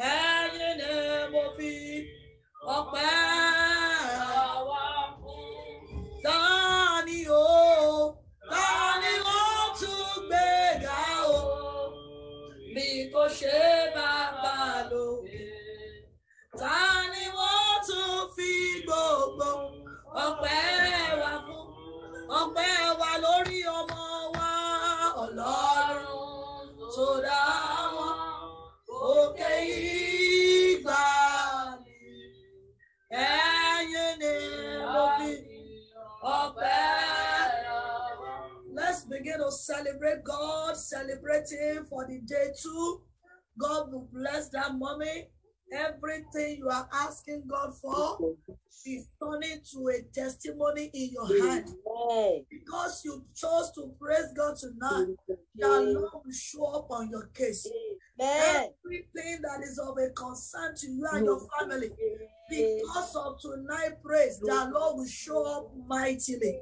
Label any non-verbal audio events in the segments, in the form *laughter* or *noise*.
ẹ̀yin ni mo fi ọpẹ́. Celebrate God, celebrate Him for the day too. God will bless that mommy. Everything you are asking God for is turning to a testimony in your hand. Because you chose to praise God tonight, the Lord will show up on your case. Everything that is of a concern to you and your family, because of tonight praise, the Lord will show up mightily.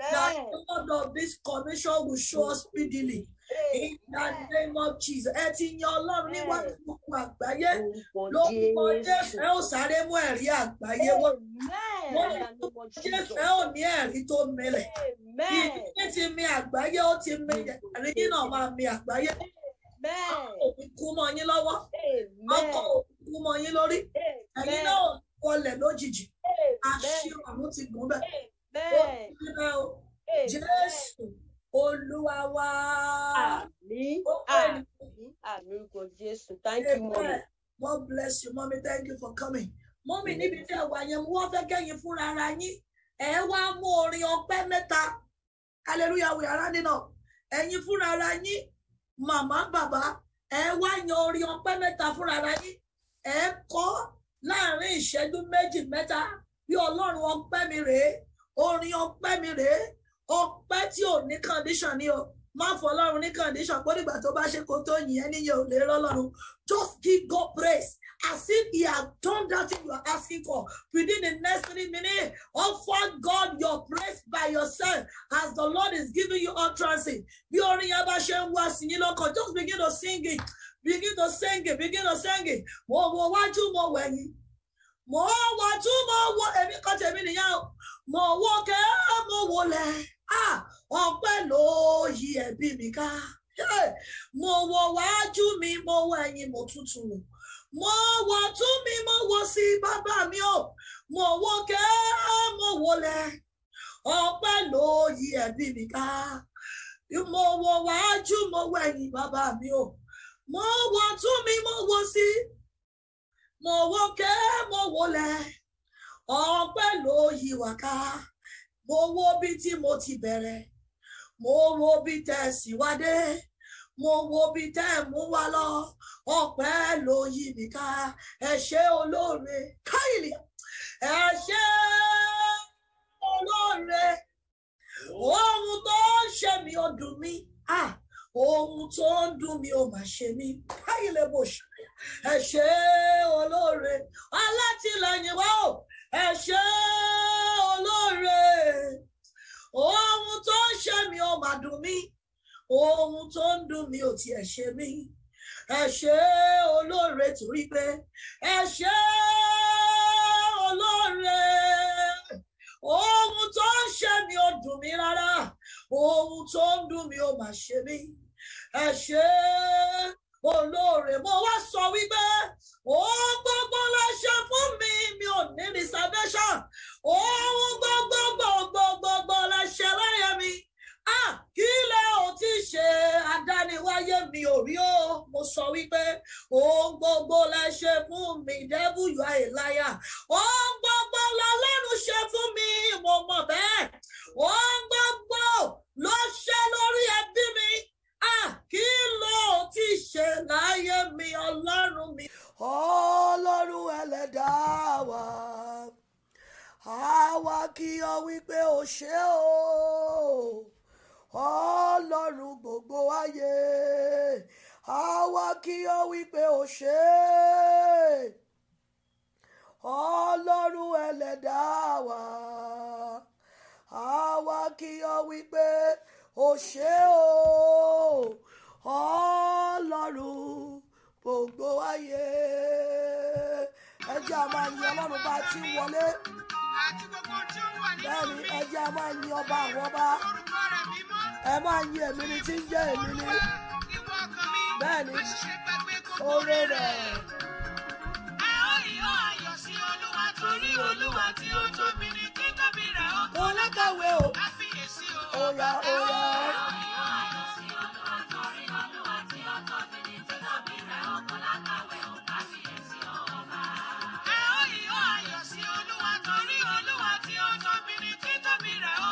that the Lord of this commission will show us speedily. In the name of Jesus. Ẹ ti yan Ọlọ́run ní wàá gbogbo àgbáyé. Lórúkọ Jésù ẹ ò sáré mú ẹ̀rí àgbáyé wọ̀. Lórúkọ Jésù ẹ ò ní ẹ̀rí tó mẹlẹ̀. Ìdílé ti mi àgbáyé ó ti mi ẹ̀rí yín náà máa mi àgbáyé. Ọkọ̀ òkú mọ yín lọ́wọ́. Ọkọ̀ òkú mọ yín lórí. Ẹ̀yin náà wọlé lójijì. Àṣírí ọ̀run ti gùn bẹ́ẹ̀ bẹ́ẹ̀ jésù olúwa wa àmín àmín àmín orúkọ jésù thank you mommy. God bless you mommy thank you for coming. mommy níbi tí ẹ wà yẹn wọ́n fẹ́ kẹ́yìn fúnra ara yín ẹ wá mú orin ọpẹ́ mẹ́ta hallelujah wẹ̀ ara nínà ẹ̀yin fúnra ara yín màmá bàbá ẹ wá yan orin ọpẹ́ mẹ́ta fúnra ara yín ẹ kọ láàrin ìṣẹ́jú méjì mẹ́ta bí ọlọ́run ọpẹ́ mi rèé orin ọpẹ́ mi rèé ọpẹ́ tí ò ní condition ni o má fọlọ́run ní condition pé nígbà tó bá ṣe kó tó yìn ẹ́ níyẹn ò lè rọ́lọ́run just give God praise as if he had done that thing you are asking for within the next three minutes offer God your praise by yourself as the Lord is giving you utterance bí orin yẹn bá ṣe ń wá sí yín lọ́kàn just begin to sing it begin to sing it begin to sing it mo wo wájú mo wẹ̀yìn mo wọ tún mo wọ èmi kan tèmi nìyẹn mo wọ kẹ́ mo wọ lẹ̀ ọpẹ́ ló yí ẹbí mi ká mo wọ wájú mi mo wọ ẹ̀yìn mo tútù mo wọ tún mi mo wọ sí bàbá mi o mo wọ kẹ́ mo wọ lẹ̀ ọpẹ́ ló yí ẹbí mi ká mo wọ wájú mo wọ ẹ̀yìn bàbá mi o mo wọ tún mi mo wọ sí. Si mo wókè mo wólẹ̀ ọpẹ́ ló yí wa ká mo wó bí tí mo ti bẹ̀rẹ̀ mo wo bí tẹ̀ síwádé mo wo bí tẹ́ ẹ̀ mú wa lọ ọpẹ́ ló yí mi ká ẹ ṣé olóore káyìlì ẹ ṣé olóore ohun tó ń ṣe mi ò dùn mí ohun tó ń dùn mí ò mà ṣe mí káyìlì bò ṣe ẹ ṣé olóore alátìlẹyìn wa o ẹ ṣé olóore ohun tó ń ṣe mi ò mà dùn mí ohun tó ń dùn mí ò tiẹ̀ ṣe mí ẹ ṣé olóore torí pé ẹ ṣé olóore ohun tó ń ṣe mí ò dùn mí rárá ohun tó ń dùn mí ò mà ṣe mí ẹ ṣé mo lóore mo wá sọ wípé ohun gbogbo ló ṣe fún mi mi ò ní ní salvation ohun gbogbo gbogbo gbogbo ló ṣe láyé mi kí lẹ ò ti ṣe adániwáyé mi ò rí o mo sọ wípé ohun gbogbo lẹ fún mi devil you are a liar ohun gbogbo lọlọ́run ṣe fún mi mo mọ̀ bẹ́ẹ̀ ohun gbogbo ló lórí ẹbí mi kí lọ tí ì ṣe láyé mi ọlọ́run mi. ọlọ́run ẹlẹ́dàá wa àwa kí ọ wípé o ṣé o ọlọ́run gbogbo ayé àwa kí ọ wípé o ṣé ọlọ́run ẹlẹ́dàá wa àwa kí ọ wípé o ṣé o ọlọ́run gbogbo ayé ẹjẹ́ a máa yin ọlọ́run bá ti wọlé bẹ́ẹ̀ni ẹjẹ́ a máa yin ọba àwọn ọba ẹ máa yin èmi ni tí ń jẹ́ èmi ni bẹ́ẹ̀ni oore rẹ̀. Torí Olúwa tí ó tóbi ní kíkọ́bí rẹ̀ ó kọ́ lákàwé o. Ó fi o. Ó ra ó ra.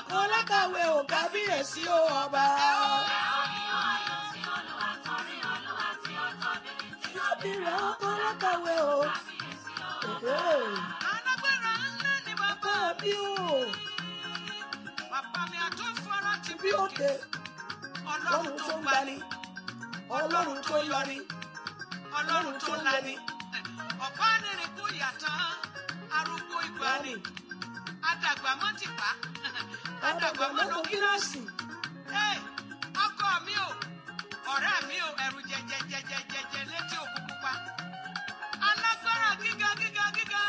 àwọn alákàwé ò kábíyèsí ó ọba. Ìyábìrì àwọn alákàwé ò. Alágbèrè ńlá ni bàbá mi ò. Bàbá mi àtúnfọ́ra ti bí òkè. Ọlọ́run tó ń gbani. Ọlọ́run tó ń yọni. Ọlọ́run tó ń lani. Ọ̀pá nìrìnkú yàtọ̀ arúgbó ìgbani. Adàgbà mọ́ ti pa àdàgbà mọ́nú kíláàsì. ọkọ mi o ọ̀rẹ́ mi o ẹ̀rù jẹjẹjẹjẹjẹ létí òkú pupa alágbára gíga gíga gíga.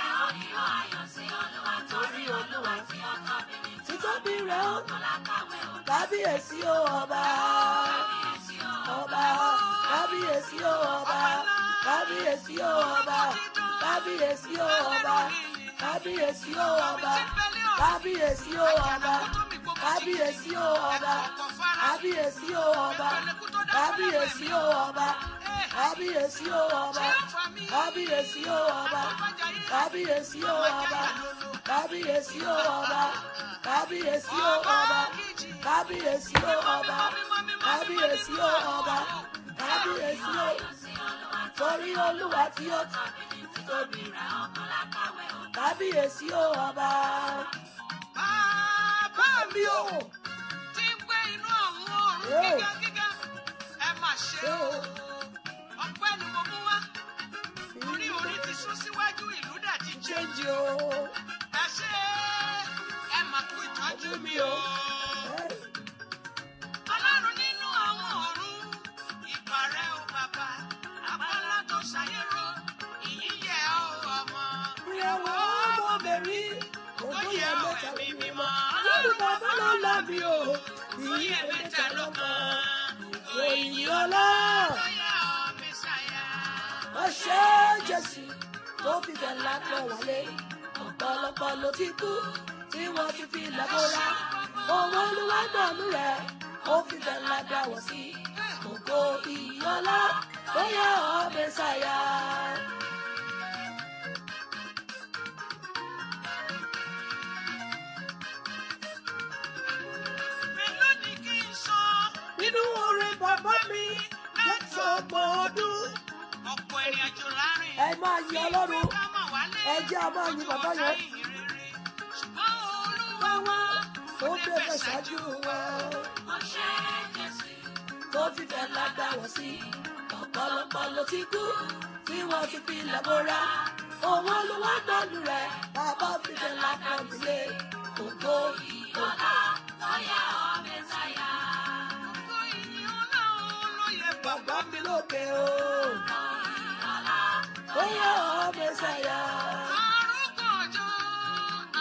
ẹ ó ní ó sí olúwa torí olúwa tí ọkọ mi ní. títóbi ó kábíyèsí ó ọba ọba kábíyèsí ó ọba kábíyèsí ó ọba kábíyèsí ó ọba kábíyèsí ó ọba kábíyèsí ó ọba kábíyèsí ó ọba kábíyèsí ó ọba kábíyèsí ó ọba kábíyèsí ó ọba kábíyèsí ó ọba kábíyèsí ó ọba kábíyèsí ó ọba kábíyèsí ó ọba kábíyèsí ó ọba kábíyèsí ó ọba kábíyèsí ó ọba torí olúwa tí ó tóbi jù tóbi ra ọkàn lákàwé o. kábíyèsí o ọba. bàbá mi o. tí ń gbé inú àwọn ọ̀run gíga gíga ẹ mà ṣe o. ọpẹ́ ni mo mú wá. orí orí ti sún síwájú ìlú dàjí jẹ́jì ẹ ṣe ẹ mà kú ìtọ́jú mi o. ọlá. ó ṣe é jésù tó fi bẹ̀lá pọ̀ wálé ọ̀pọ̀lọpọ̀ ló ti kú tí wọ́n ti fi lágbóra owó olúwádọ́nù rẹ̀ ó fi bẹ̀lá dáwọ̀ sí ògo ìyọlá bóyá ọ̀bẹ ṣàyà. bàbá mi lẹ́tọ̀ ọgbọ̀n ọdún. ọ̀pọ̀ ẹ̀rìn àjò láàrin. ẹ máa yin ọlọ́run ẹ jẹ́ a máa yin bàbá yẹn. ṣùgbọ́n olúwa wa ó bẹ̀rẹ̀ ṣáájú wa. ọṣẹ jẹsí tó fífẹ́ lágbàwọ̀ sí ọ̀pọ̀lọpọ̀ ló ti kú tí wọ́n ti fi lẹ́bọ̀rà òun olúwa gbọ́dún rẹ̀ bàbá fífẹ́ lágbàwọ̀ sílé ògo ìyọ̀ká lọ́yà ọ̀. bàbá mi lókè o. Ó yẹ ọ́ mẹ́sàyà. Arúgbó ọjọ́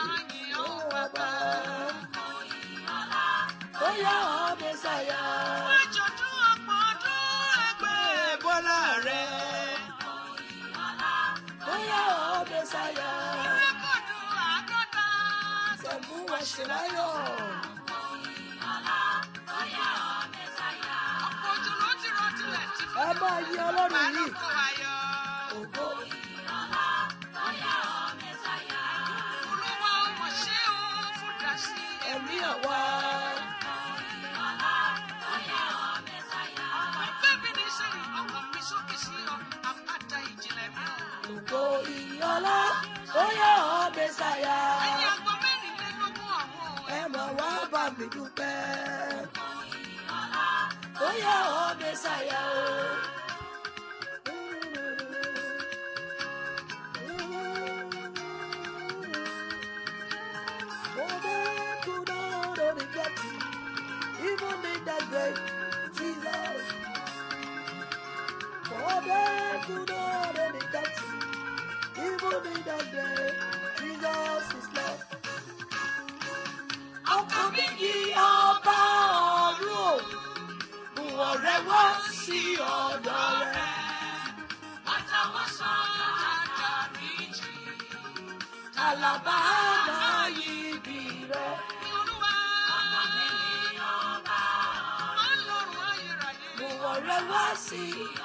àyìnbó bàbá. Ó yẹ ọ́ mẹ́sàyà. Àjọ̀dún ọ̀pọ̀ ọdún ẹgbẹ́ bọ́lá rẹ̀. Ó yẹ ọ́ mẹ́sàyà. ẹ máa yin to me that day. Jesus is love. I'm coming yí ọba ọ̀run o, ọ̀rẹ́ wá sí ọ̀dọ̀ rẹ̀. Àtàwọn sọ̀rọ̀ àjà méjì. Àlàbà náà yí ibi rẹ̀. Ọkàn mi yí ọba ọ̀run o, ọ̀rẹ́ wá sí ọ̀dọ̀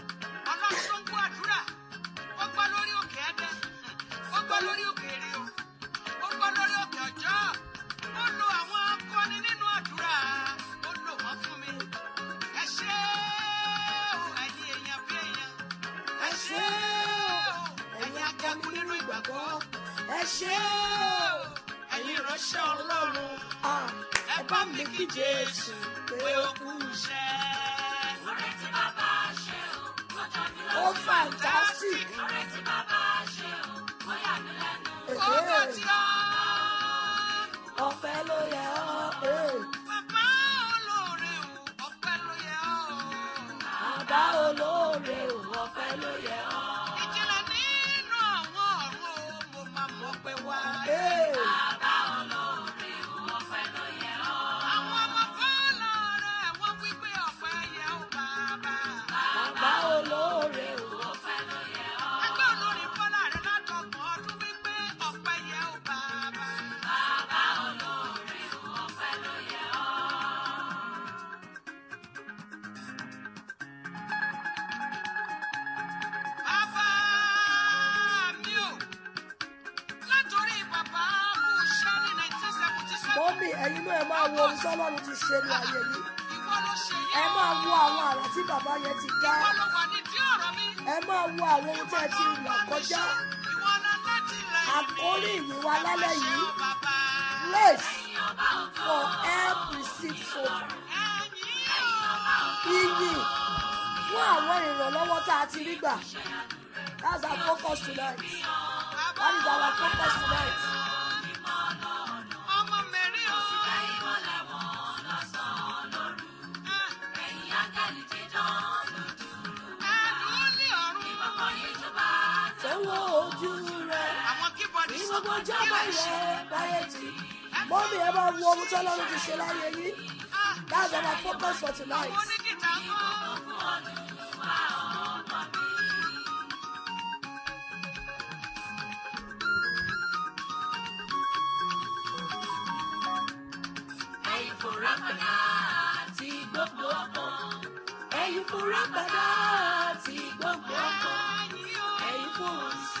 lórí òkè o ó lórí òkè ọjọ́ ó lo àwọn akọni nínú àdúrà ó lò wọ́n fún mi ẹ ṣé o ẹ̀yin èèyàn bí èèyàn ẹ ṣé o ẹ̀yin akẹ́kọ̀ọ́ nínú ìgbàgbọ́ ẹ ṣé o ẹ̀yin ìránṣẹ́ ọlọ́run ah, ah, ẹ bá mi kí Jésù pé ó kú iṣẹ́. ọ̀rẹ́ tí fantastic. Oh, ló yẹ ọ́. Eh. tọ́lọ́run ti ṣe ní ayé mi ah, ẹ máa wo àwọn àrà tí bàbá yẹn ti dá ẹ máa wo àwọn ohun tí ẹ ti là kọjá àkórí ìwé wa lálẹ́ yìí grace for every receive sofa iyì fún àwọn ìrànlọ́wọ́ tá a ti rí gbà that's our focus tonight that is our focus tonight. gbogbo ọjọ́ báyìí ẹ báyìí tì mọ́mí ẹ máa wo ohun tí ti ṣe láyé yín that's our focus for tonight. ẹ̀yin fura padà ti gbogbo ọkọ ẹ̀yin fura padà ti gbogbo ọkọ ẹ̀yin fura.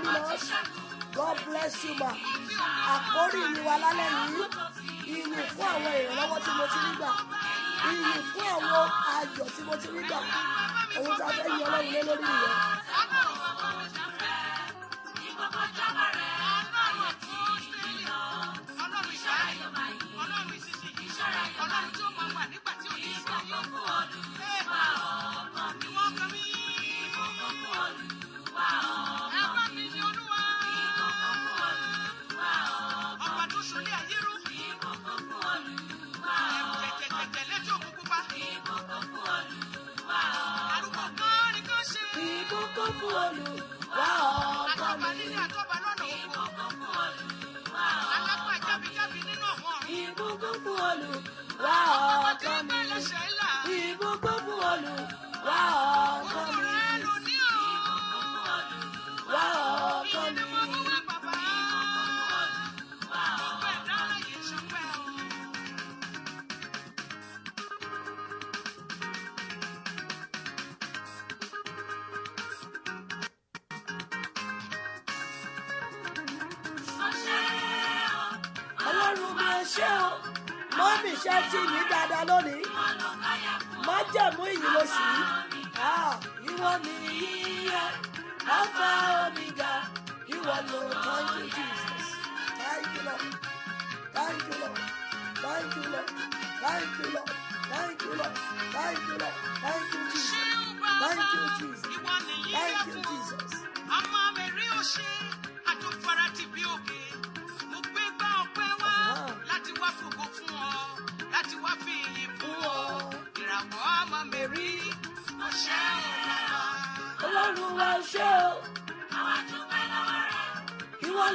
very much. God bless you ma. Àkórí ìyìn wa lálẹ́ yìí. Ìyìn fún àwọn ìrànlọ́wọ́ tí mo ti rí gbà. Ìyìn fún àwọn ayọ̀ tí mo ti rí I want to tell you Ọlọ́run the lórí ìyẹn.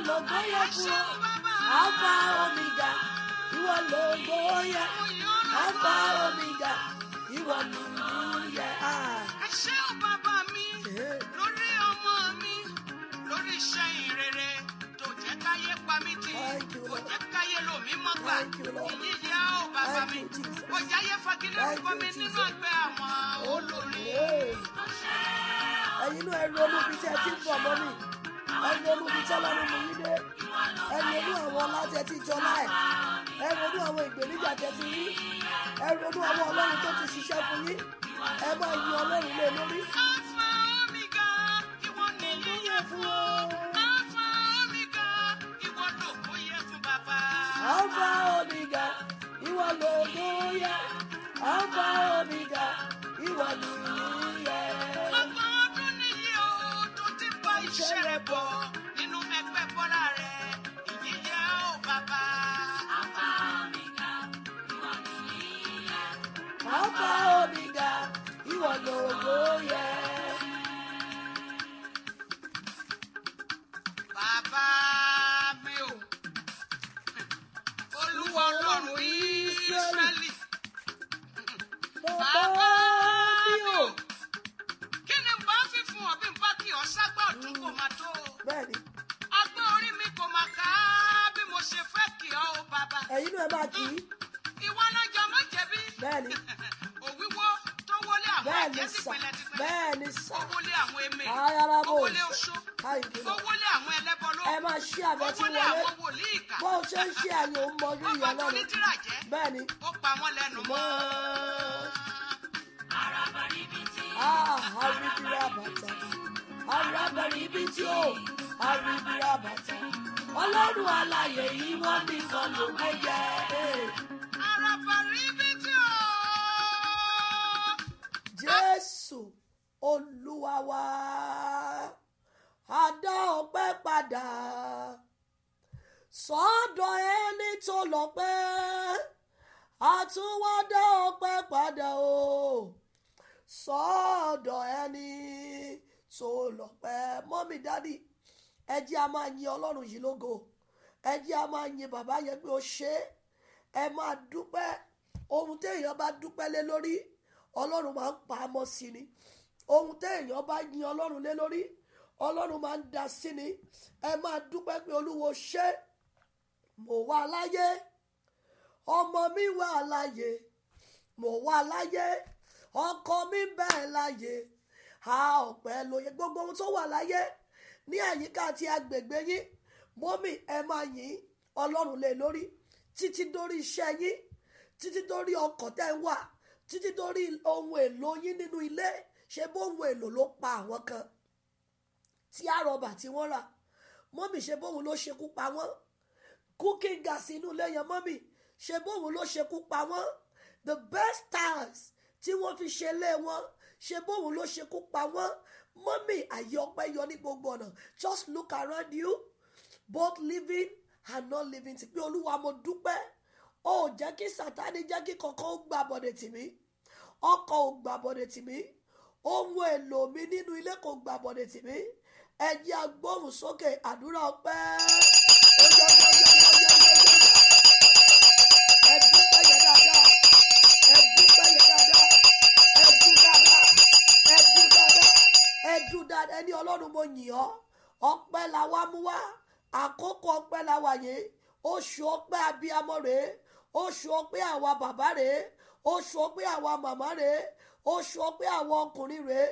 lògo yẹ fún ọ alfa omega ìwọ lògo yẹ alfa omega ìwọ lògo yẹ. ẹ ṣé o bàbá mi eh. lórí ọmọ mi lórí iṣẹ́ ìrere tó jẹ́ káyé pa mí tì kò jẹ́ káyé lò mí mọ́ gbà ìyí ìyá ò bàbá mi kò jáyé fagilé rúbọ mi nínú ẹgbẹ́ àwọn olórí. ẹ̀yin náà ẹ ronú tí ẹ ti ń bọ̀ mọ́ mi ẹni olúbi tọ́lá ni mò ń dé ẹni olú àwọn ọlá tẹ ti jọlá ẹ ẹni olú àwọn ìgbèníjà tẹ ti rí ẹni olú àwọn ọlọ́run tó ti ṣiṣẹ́ fún yín ẹ bá yin ọlọ́run lé lórí. Alpha Omega, ìwọ lògùn yá. Alpha Omega, ìwọ lògùn yá. ṣẹlẹ̀ bọ̀ nínú ẹgbẹ́ bọ́lá rẹ̀ ìyíyẹ ó bàbá. bàbá mi ga ìwọ nìyí yẹ. bàbá mi ga ìwọ lògo yẹ. bàbá mi ò olúwa ọlọ́run Ísírẹ́lì bàbá. ọ̀rọ̀ ságbà ọ̀tún kò máa tó. bẹ́ẹ̀ni. ọgbọ́n orí mi kò máa ká bí mo ṣe fẹ́ kí ọ o bàbá. ẹ̀yin náà máa kì í. ìwọ lọ́jọ́ má jẹ̀bi. bẹ́ẹ̀ni. *laughs* òwíwó tó wọlé àwọn ẹ̀jẹ̀ tipẹ́lẹ́tipẹ́lẹ́. bẹ́ẹ̀ni sà. ó wọlé àwọn eme. ayára bò ó wọlé oṣó. ó wọlé àwọn ẹlẹ́bọló. ẹ máa ṣí àbẹ̀ tí wọlé. ó wọlé àwọn wòlíì ìkà. bó o ṣe ń ṣe àyè ó mọ orí ìyá lọ́rùn. bẹ́ẹ̀ni. ó pa wọn lẹ́nu mọ́. Ah, how did you have that? arábẹ̀rìbìtì o àríbìràbàtà ọlọ́run alàyè yìí wọ́n nìkan ló gbé jẹ́. arábẹ̀rìbìtì o. jésù olúwa wa a dá ọpẹ́ padà sọ́dọ̀ ẹni tó lọ́pẹ́ àtúwọ́ dá ọpẹ́ padà o sọ́dọ̀ ẹni. so lọ́pẹ́ mọ́mì dádì ẹ jẹ́ a máa yin ọlọ́run yìí lógo ẹ a máa yin bàbá yẹn pé o ṣe ẹ máa dúpẹ ohun téèyàn bá dúpẹ lé lórí ọlọ́run máa ń pa á mọ́ sí ni ohun téèyàn bá yin lé lórí máa ń da sí ẹ máa pé olúwo ṣe mo ọmọ mi wà láyé mo ọkọ mi láyé. a ọ̀pẹ́ lóye gbogbo ohun tó wà láyé ní àyíká àti agbègbè yín mọ́mì ẹ máa yìn ọlọ́run lé lórí títí dórí iṣẹ́ yín títí dórí ọkọ̀ tẹ́ ń wà títí dórí ohun èlò yín nínú ilé ṣe bó ohun èlò ló pa àwọn kan tí àrọ̀bà tí wọ́n rà mọ́mì ṣe bóun ló ṣekú pa wọ́n cooking gas inú ilé yẹn mọ́mì ṣe bóun ló ṣekú pa wọ́n the best times tí wọ́n fi ṣe lé wọn ṣe bóun ló ṣekú pa wọ́n mọ́mì àyè yọ ní gbogbo ọ̀nà just look around you both living and not living ti pé olúwa mo dúpẹ́ ó jẹ́ kí sátani jẹ́ kí kankan ó gbà bọ̀dẹ̀ tì mí ọkọ̀ ò gbà bọ̀dẹ̀ tì mí ohun èlò mi nínú ilé kò gbà bọ̀dẹ̀ tì ẹ̀yin agbóhùn sókè àdúrà ọpẹ́ ó yọ ọlọ́run mo yìn ọ́ ọpẹ́ la wá mú wá àkókò ọpẹ́ la wà yìí oṣù ọpẹ́ abiyamọ rèé oṣù ọpẹ́ àwa bàbá rèé oṣù ọpẹ́ àwa màmá rèé oṣù ọpẹ́ àwa ọkùnrin rèé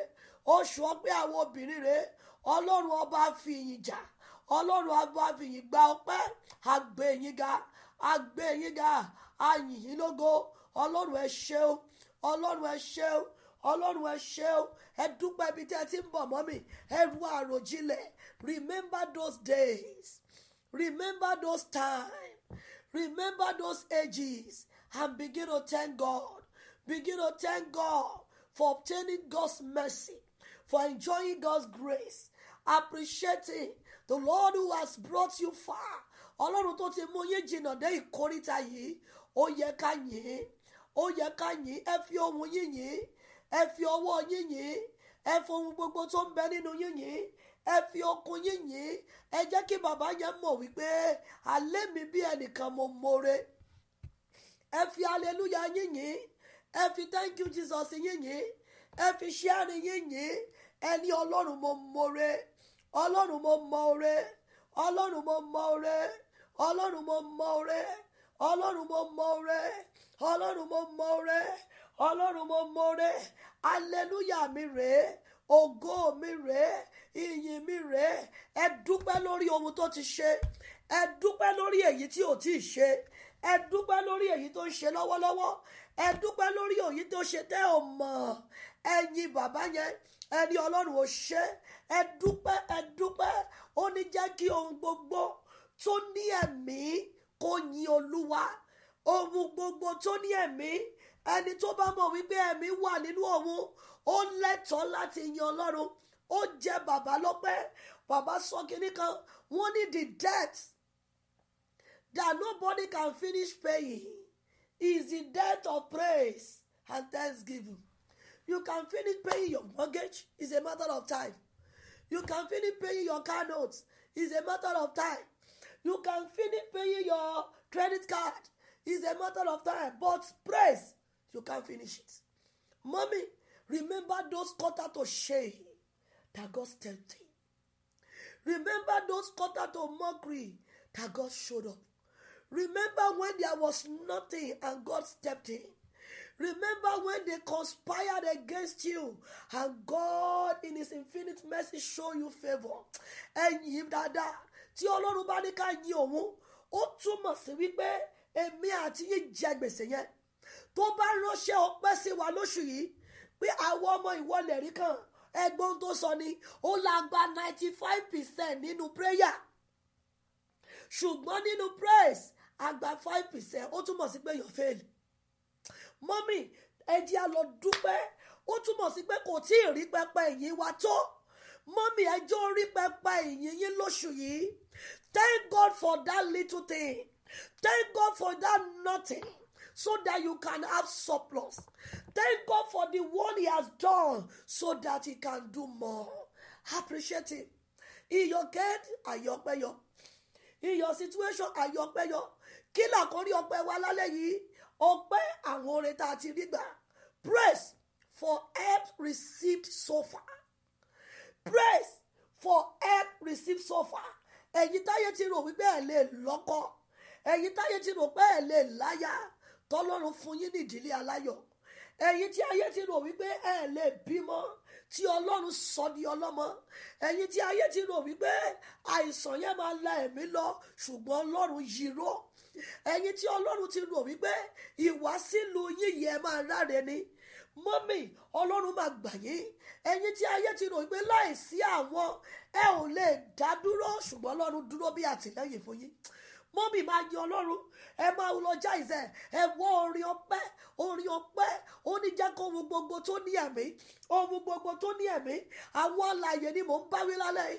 oṣù ọpẹ́ àwa obìnrin rèé ọlọ́run ọba fi ìyìn jà ọlọ́run ọba fi ìyìn gba ọpẹ́ àgbè yín ga àgbè yín ga àyìn yín lógo ọlọ́run ẹ ṣeun ọlọ́run ẹ ṣeun ọlọ́run ẹ ṣé o ẹ dúpẹ́ ibi tí ẹ ti ń bọ̀ mọ́ mi ẹ ru àròjinlẹ̀ remember those days remember those times remember those ages and begin to thank God begin to thank God for obtaining God's mercy for enjoying God's grace appreciating the Lord who has brought you far ọlọ́run tó ti mú yín jìnnà dé ìkórìtà yìí ó yẹ ká yìn ó yẹ ká yìn ẹ fi ohùn yín yìn. ẹ fi ọwọ́ yín yìn ẹ fohun gbogbo tó ń bẹ nínú yín yìn ẹ fi okun yín yìn ẹ jẹ́ kí bàbá yẹn mọ̀ wípé alẹ́ mi bí ẹnìkan mo more ẹ fi aleluya yín yìn ẹ fi thank you jesus yín yìn ẹ fi ṣẹ́ẹ̀rì yín yìn ẹ ní ọlọ́run mo more ọlọ́run mo mọ ore ọlọ́run mo mọ ore ọlọ́run mo mọ ọlọ́run mo mọ ọlọ́run mo mọ ọlọ́run mo more aleluya mi rèé ògo mi rèé ìyìn mi rèé ẹ dúpẹ́ lórí ohun tó ti ṣe ẹ dúpẹ́ lórí èyí tí ò tí ì ṣe ẹ dúpẹ́ lórí èyí tó ń ṣe lọ́wọ́lọ́wọ́ ẹ dúpẹ́ lórí èyí tó ṣe tẹ́ ò mọ̀ ẹ̀yin bàbá yẹn ẹni ọlọ́run ò ṣe ẹ dúpẹ́ ẹ dúpẹ́ ó ní jẹ́ kí ohun gbogbo tó ní ẹ̀mí kó yin olúwa ohun gbogbo tó ní ẹ̀mí ẹni tó bá mọ̀ wípé ẹ̀mí wà nínú òun ó lẹ́tọ̀ọ́ láti yin ọlọ́run ó jẹ́ bàbá lọ́pẹ́ bàbá sọ kínní kan wọ́n ní the debt that nobody can finish paying is the debt of praise and thanksgiving you can finish paying your mortgage is a matter of time you can finish paying your car note is a matter of time you can finish paying your credit card is a matter of time but praise you can't finish it. Mommy, remember those quarter of shame that God stepped in. Remember those quarter of mockery that God showed up. Remember when there was nothing and God stepped in. Remember when they conspired against you and God in his infinite mercy showed you favor. Ẹ̀yin dáadáa tí Ọlọ́run bá ní ká yin òun, ó túmọ̀ sí wípé èmi àti yín jẹ gbèsè yẹn tó bá ránṣẹ́ ọpẹ́ sí wa lóṣù yìí pé àwọn ọmọ ìwọlẹ̀ rí kan ẹgbọ́n tó sọ ni ó la ninety five percent nínú prayer ṣùgbọ́n nínú praise a gba five percent ó túmọ̀ sí pé yóò fail mọ́mì ẹ jẹ́ a lọ dúpẹ́ ó túmọ̀ sí pé kò tí ì rí pẹpẹ ìyìn wa tó mọ́mì ẹjọ́ rí pẹpẹ ìyìn yín lóṣù yìí thank God for that little thing thank God for that nothing so that you can have surplus. Thank God for the one He has done so that He can do more. Appreciate Him. In your head, ayọ̀pẹ̀yọ̀. In your situation, ayọ̀pẹ̀yọ̀. Kí làkórí ọpẹ́ wa lálẹ́ yìí? Ọpẹ́ àwọn oore tá Praise for help received so far. Praise for help received so far. Ẹ̀yin táyé ti rò wípé ẹ̀ lè lọ́kọ. Ẹ̀yin táyé ti rò tọ́lọ́run fún yín nídìílé aláyọ̀ ẹ̀yin tí ayé ti rò wípé ẹ lè bímọ tí ọlọ́run sọ di ọlọ́mọ ẹ̀yin tí ayé ti rò wípé àìsàn yẹn máa la ẹ̀mí lọ ṣùgbọ́n ọlọ́run yíró ẹ̀yin tí ọlọ́run ti rò wípé ìwásílù yíyẹ máa ráre ni mọ́mì ọlọ́run máa gbà yín ẹ̀yin tí ayé ti rò wípé láìsí àwọn ẹ ò lè dá dúró ṣùgbọ́n ọlọ́run dúró bí àtìlẹ́yìn fún yín mọ́mì máa yin ọlọ́run ẹ máa lọ jáìsẹ̀ ẹ wọ́ orin ọpẹ́ orin ọpẹ́ ó ní jẹ́ kó ohun gbogbo tó ní ẹ̀mí ohun gbogbo tó ní ẹ̀mí àwọn alàyè ni mò ń bá wí lálẹ́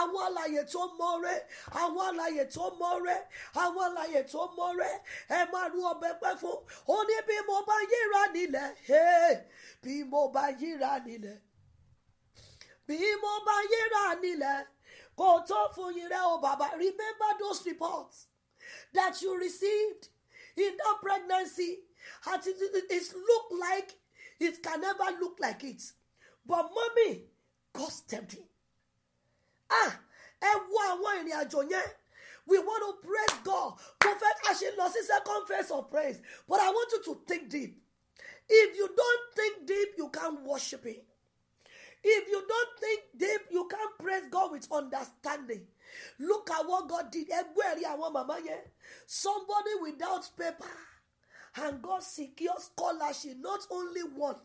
àwọn alàyè tó mọ́ọ́rẹ́ àwọn alàyè tó mọ́ọ́rẹ́ àwọn alàyè tó mọ́ọ́rẹ́ ẹ máa ru ọbẹ̀ pẹ́ fún ó bí mo bá yíra nílẹ̀ bí mo bá yíra nílẹ̀ bí mo bá yíra nílẹ̀ kò tó fún yín rẹ o bàbá remember those reports that you received in that pregnancy at it, it, look like it can never look like it but mommy God's tempting ah ẹ wo àwọn ìrìn àjò yẹn we want to praise God prophet ashe lọ sí second phase of praise but I want you to think deep if you don't think deep you can't worship him if you don't think deep you can't praise God with understanding Look at what God did. Ẹgbẹ́ ẹ̀rí àwọn màmá Somebody without paper and God secure scholarship not only one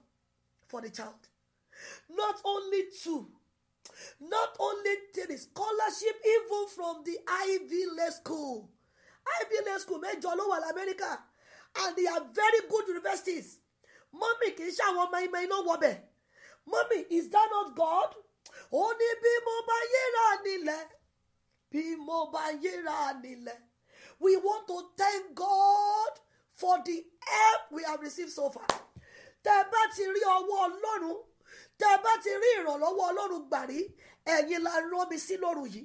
for the child, not only two, not only three scholarship even from the Ivy League school. Ivy League school mẹ́jọ ló wà l'Amẹ́ríkà and they are very good universities. Mọ́mì kì í ṣàwọn ọmọ ìmọ̀ iná wọbẹ̀. Mọ́mì is that not God? Ó ní bí mo bá yéra nílẹ̀ bí mo bá yíra nílẹ̀ we want to thank God for the help we have received so far tẹ́ bá ti rí ọwọ́ Ọlọ́run tẹ́ bá ti rí ìrànlọ́wọ́ Ọlọ́run gbàrí ẹ̀yin la rán mi sí lóru yìí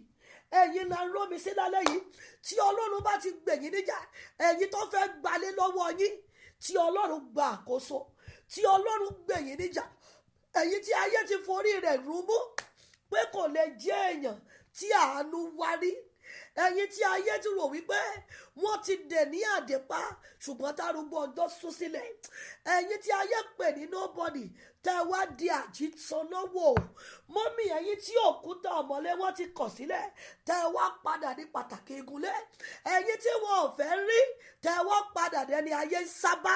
ẹ̀yin la rán mi sí lálẹ́ yìí tí Ọlọ́run bá ti gbẹ̀yìn níjà ẹ̀yin tó fẹ́ gbalé lọ́wọ́ yín tí Ọlọ́run gba àkóso tí Ọlọ́run gbẹ̀yìn níjà ẹ̀yin tí ayé ti forí rẹ̀ rúmú pé kò lè jẹ́ èèyàn tí àánú wárí ẹ̀yin tí ayé ti rò wípé wọ́n ti dẹ̀ ní àdépá ṣùgbọ́n tárúgbó ọjọ́ sún sílẹ̀ ẹ̀yin tí ayé pè ní nobody tẹ́ wá di àjísannáwó mọ́mí ẹ̀yin tí òkúta ọ̀mọ́lé wọ́n ti kọ̀ sílẹ̀ tẹ́ wá padà ní pàtàkì igunlé ẹ̀yin tí wọn ò fẹ́ rí tẹ́ wá padà dẹni ayé ń sábà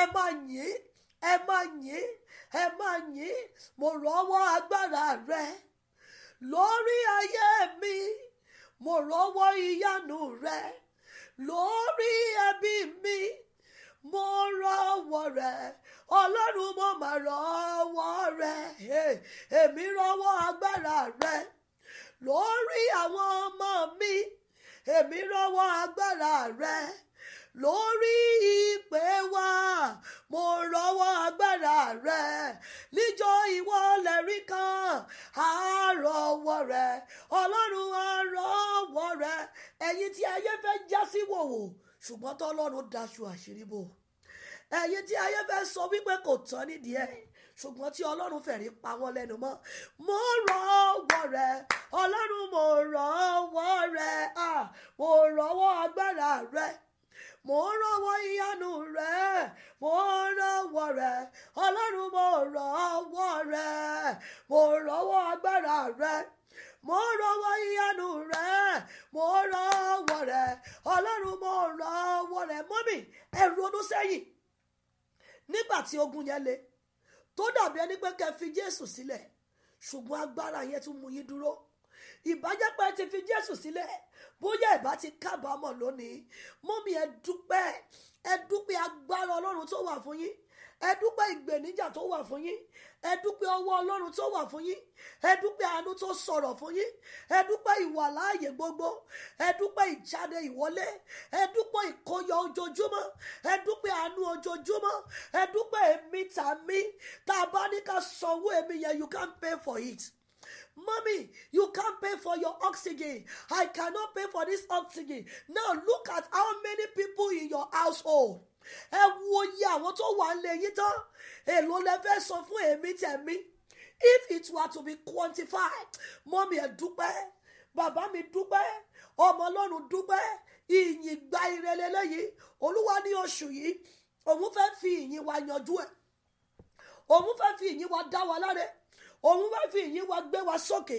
ẹ máa yìn ẹ máa yìn ẹ máa yìn mo rọ́wọ́ agbára rẹ lórí ayé mi mo rọ́wọ́ ìyanu rẹ lórí ẹbí mi mo rọ́wọ́ rẹ ọlọ́run mo mà rọ́wọ́ rẹ èmi rọ́wọ́ agbára rẹ lórí àwọn ọmọ mi èmi rọ́wọ́ agbára rẹ lórí ìpè wa mo rọwọ́ agbára rẹ níjọ́ ìwọ lẹ́rí kan àárọ̀wọ́ rẹ ọlọ́run àárọ̀wọ́ rẹ ẹ̀yin tí ayé fẹ́ já sí wòwò ṣùgbọ́n tọ́lọ́run daṣọ àṣírí bò ẹ̀yin tí ayé fẹ́ sọ wípé kò tán nídìí ẹ̀ ṣùgbọ́n tí ọlọ́run fẹ̀rí pa wọ́n lẹ́nu mọ́ mo rọ rẹ ọlọ́run mo rọ rẹ ah, mo rọwọ́ agbára rẹ mo rọ́wọ́ ìyanu rẹ mo rọ́wọ́ rẹ ọlọ́run mo rọ́wọ́ rẹ mo rọ́wọ́ agbára rẹ mo rọ́wọ́ ìyanu rẹ mo rọ́wọ́ rẹ ọlọ́run mo rọ́wọ́ rẹ mọ́mì ẹ ronú sẹ́yìn nígbà tí ogun yẹn le tó dàbí ẹni pé kẹ́ jésù sílẹ̀ ṣùgbọ́n agbára yẹn tún mú yín dúró ìbájẹ́pẹ́ ti fi jésù sílẹ̀ bóyá ẹ bá ti kábàámọ̀ lónìí mọ́mí ẹ dúpẹ́ ẹ dúpẹ́ agbára ọlọ́run tó wà fún yín ẹ dúpẹ́ ìgbèníjà tó wà fún yín ẹ dúpẹ́ ọwọ́ ọlọ́run tó wà fún yín ẹ dúpẹ́ àánú tó sọ̀rọ̀ fún yín ẹ dúpẹ́ ìwà láàyè gbogbo ẹ dúpẹ́ ìjáde ìwọlé ẹ dúpẹ́ ìkóyọ ojoojúmọ́ ẹ àánú ojoojúmọ́ ẹ èmi tàmí tá a bá ní ká sanwó èmi yẹn you can pay for it. Mommy, you can't pay for your oxygen. I cannot pay for this oxygen. Now look at how many people in your household. Ẹ wo iye àwọn tó wà ń lé yín tán. Èló lẹ fẹ́ sọ fún èmi tẹ̀mí. If it were to be quantified, mọ́mí ẹ̀ dúpẹ́, bàbá mi dúpẹ́, ọmọ ọlọ́run dúpẹ́, ìyìn gba ìrẹ̀lẹ̀ lẹ́yìn. Olúwa ní oṣù yìí, òun fẹ́ fi ìyìn wa yanjú ẹ̀. Òun fẹ́ fi ìyìn wa dá wa láre òun wá fi ìyìn wa gbé wa sókè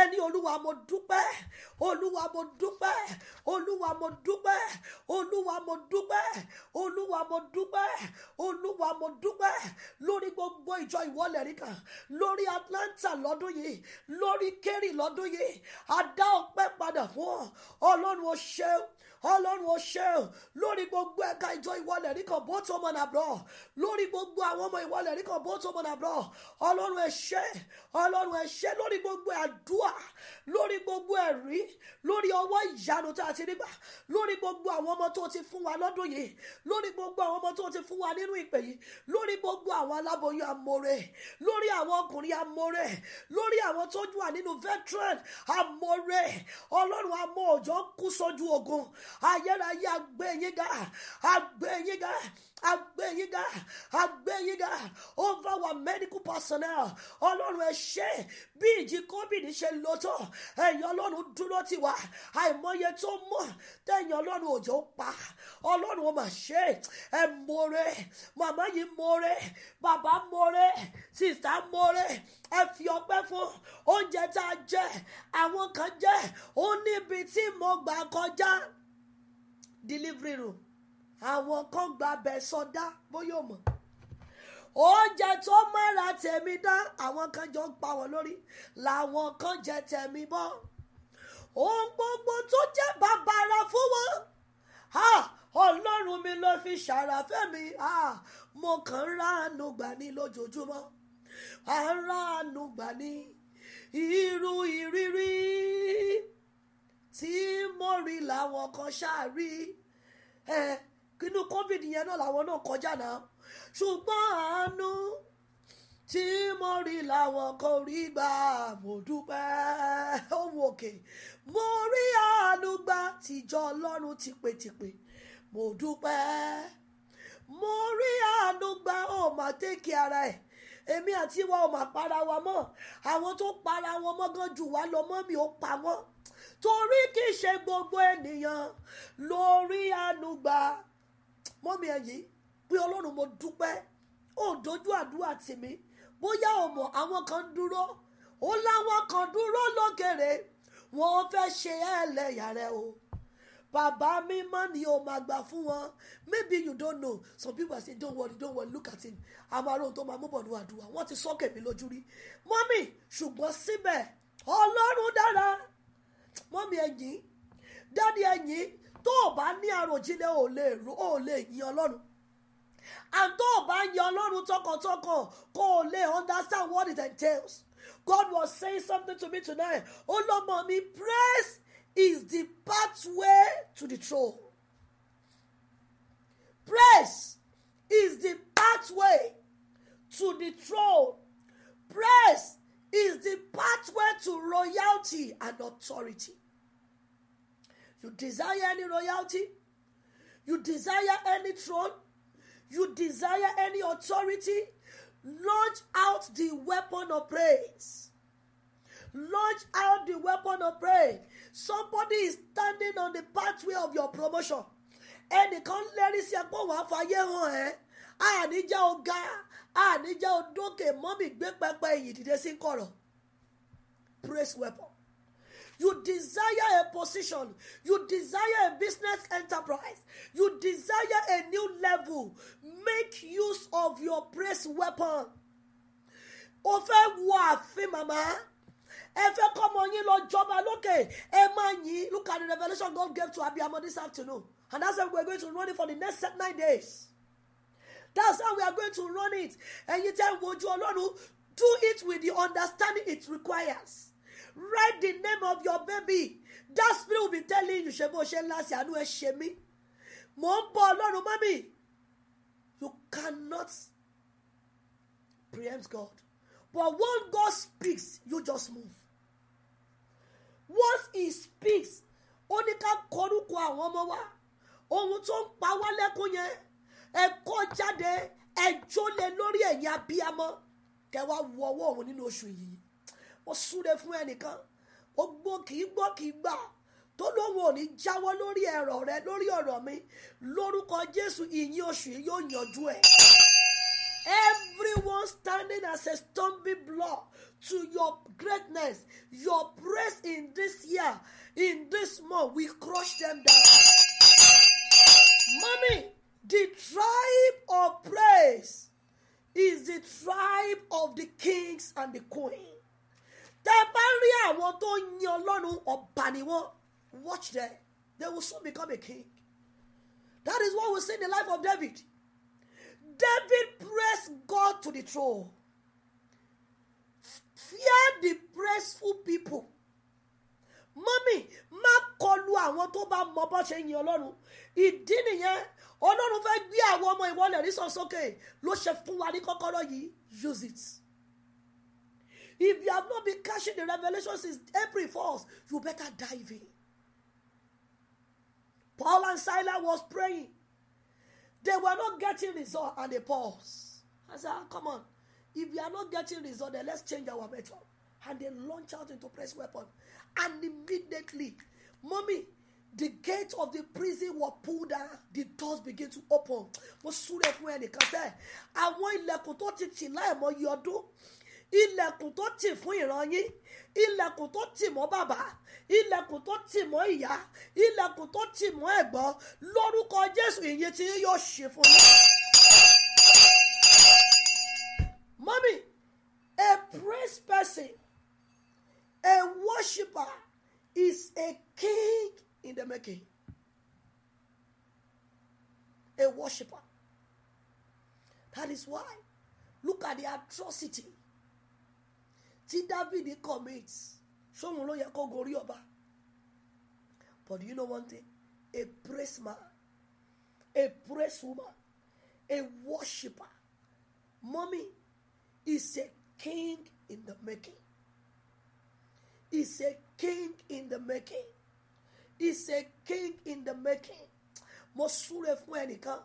ẹni olúwa mo dúpẹ́ olúwa mo dúpẹ́ olúwa mo dúpẹ́ olúwa mo dúpẹ́ olúwa mo dúpẹ́ olúwa mo dúpẹ́ lórí gbogbo ìjọ ìwọlẹ̀ kan lórí Atlanta lọ́dún yìí lórí Kerry lọ́dún yìí a dá ọpẹ́ padà fún ọ ọlọ́run o ṣeun ọlọ́run ó ṣeun lórí gbogbo ẹ̀ka ìjọ ìwọlẹ̀ nìkan bó tó mọ̀ nàbọ̀ lórí gbogbo àwọn ọmọ ìwọlẹ̀ nìkan bó tó mọ̀ nàbọ̀ ọlọ́run ẹ ṣé ọlọ́run ẹ ṣé lórí gbogbo àdúà lórí gbogbo ẹ̀rí lórí ọwọ́ ìyanu tó àti nígbà lórí gbogbo àwọn ọmọ tó ti fún wa lọ́dún yìí lórí gbogbo àwọn ọmọ tó ti fún wa nínú ìpè yìí lórí gbogbo àwọn aláboyún amore lórí àwọn ọkùnrin amore lórí àwọn tó wà nínú veteran amore ọlọ́run amọ̀ òjò kú sójú ogun ayérayé agbé yín ga agbé yín ga agbé yín ga agbé yín ga over our medical personnel ọlọ́run ẹ ṣe bí ìjì covid ṣe lọ tó ẹ̀yin ọlọ́run dúró tì wá àìmọye tó mọ̀ tẹ̀yìn ọlọ́run òjò pa ọlọ́run ó mà ṣe ẹ mọ̀ọ́rẹ́ màmá yìí mọ̀ọ́rẹ́ bàbá mọ̀ọ́rẹ́ sìsá mọ̀ọ́rẹ́ ẹ fi ọpẹ́ fún oúnjẹ tá a jẹ àwọn kan jẹ ó níbi tí mo gbà kọjá delivery room àwọn kan gba abẹ sọdá bóyá ò mọ̀ oúnjẹ tó mọ́ra tèmi dán àwọn kan jọ ń pa wọ́n lórí làwọn kan jẹ tèmi bọ́ ohun gbogbo tó jẹ́ bàbàrà fún wọn ọlọ́run mi ló fi ṣàràfẹ́ mi mo kàn ń ránu gbà ní lójoojúmọ́ à ń ránu gbà ní irú ìrírí tí mo rí làwọn kan ṣáà rí ẹ kínú covid yẹn náà làwọn náà kọjá náà ṣùgbọ́n àánú tí mo rí làwọn kan rí gbà mo dúpẹ́ ohun òkè mo rí àánú gbà tìjọ ọlọ́run tìpètìpè mo dúpẹ́ mo rí àánú gbà ó máa tẹ́kì ara ẹ̀ èmi àti wa ò máa para wa mọ́ àwọn tó para wọn mọ́ gan jù wá lọ mọ́ mi ò pa wọ́n torí kì í ṣe gbogbo ènìyàn lórí ànúgbà mọ́mí ẹ̀yìn pé ọlọ́run mo dúpẹ́ ó dojú àdúrà tèmi bóyá o mọ̀ àwọn kan dúró ó láwọn kan dúró lókèrè wọn fẹ́ ṣe ẹlẹ́yà rẹ o bàbá mi mọ́ ni o máa gbà fún wọn maybe you don't know some people say don't worry don't worry look at him àwọn aró tó máa mú bọ̀ ní àdúrà wọ́n ti sọ́kè mi lójú rí mọ́mí ṣùgbọ́n síbẹ̀ ọlọ́run dára mọ́mí ẹ̀yìn dádì ẹ̀yìn tó o bá ní àròjinlẹ̀ ò lè rú ò lè yin ọlọ́run and tó o bá yin ọlọ́run tọkàntọkàn kó o lè understand what it entails God was saying something to me tonight olọ́mọ mi praise is the pathway to the throne praise is the pathway to the throne praise is the pathway to royalty and authority. You desire any royalty, you desire any throne, you desire any authority, launch out the weapon of praise. Launch out the weapon of praise. Somebody is standing on the pathway of your promotion. Ẹnìkan lẹ́rìí sí ẹ pé òun àfàyè hàn àníjá ọ̀gá àníjá odókè mọ́mì gbé pẹpẹ èyí dìde sí kọ̀rọ̀ praise weapon you desire a position you desire a business enterprise you desire a new level make use of your praise weapon o fẹ́ wo ààfin màmá ẹ fẹ́ kọ́mọ yín lọ jọba lókè ẹ máa yín look at the revelation God gave to abiyamọ this afternoon and that's why we are going to run it for the next nine days. That's how we are going to run it. and you tell wojú Ọlọ́run, do it with the understanding it requires. Write the name of your baby. That spirit will be telling you, ṣe bó ṣe anu sí àánú ẹ ṣe mí. Mò ń bọ̀ You cannot preempt God. But when God speaks, you just move. Once he speaks, ó ní ká kọrúkọ àwọn ọmọ wa. Ohun tó ń pa wá lẹ́kún yẹn ẹ jáde ẹ lé lórí ẹ̀yìn abiyamọ kẹwàá wọ ọwọ́ òun nínú oṣù yìí ó súre fún ẹnìkan ó gbó kì í gbọ́ kì í gbà tó lóun ò ní jáwọ́ lórí ẹ̀rọ rẹ lórí ọ̀rọ̀ mi lórúkọ Jésù ìyìn oṣù yìí yóò yanjú ẹ̀. Everyone standing as a stumbling block to your greatness, your praise in this year, in this month, we crush them down. Mommy, The tribe of praise is the tribe of the kings and the queen. Tẹ́ bá rí àwọn tó yin Ọlọ́run ọba ni wọ́n watch them they will soon become a king. That is what we see in the life of David. David praised God to the throne. Fear the praiseful people mọ́mì má kọlu àwọn tó bá mọ bọ́ ṣe yin ọlọ́run ìdí nìyẹn ọlọ́run fẹ́ gbé àwọn ọmọ ìwọlẹ̀ rí sàn sókè ló ṣe fún wa ní kọ́kọ́rọ́ yìí use it. If you have not been catching the revelation since April 1 you better dive in. Paul and Silas was praying. They were not getting result and they pause. I said, ah, come on. If we are not getting result, then let's change our method. And they launch out into press weapon. And immediately, mommy, the gate of the prison were pulled down the doors begin to open mo súré fún ẹnìkan sẹ àwọn ilẹ̀kùn tó ti tì láìmọye ọdún ilẹ̀kùn tó tì fún ìran yín ilẹ̀kùn tó tì mọ́ bàbá ilẹ̀kùn tó tì mọ́ ìyá ilẹ̀kùn tó tì mọ́ ẹ̀gbọ́n lórúkọ Jésù ìyẹn tí yóò ṣe fún mi. Mommy, a praise person A worshiper is a king in the making. A worshiper. That is why, look at the atrocity tí David commits sóhun ló yẹ kó gorí ọba but you know one thing a praise man a praise woman a worshiper mommy is a king in the making is a king in the making is a king in the making mo súre fún ẹnìkan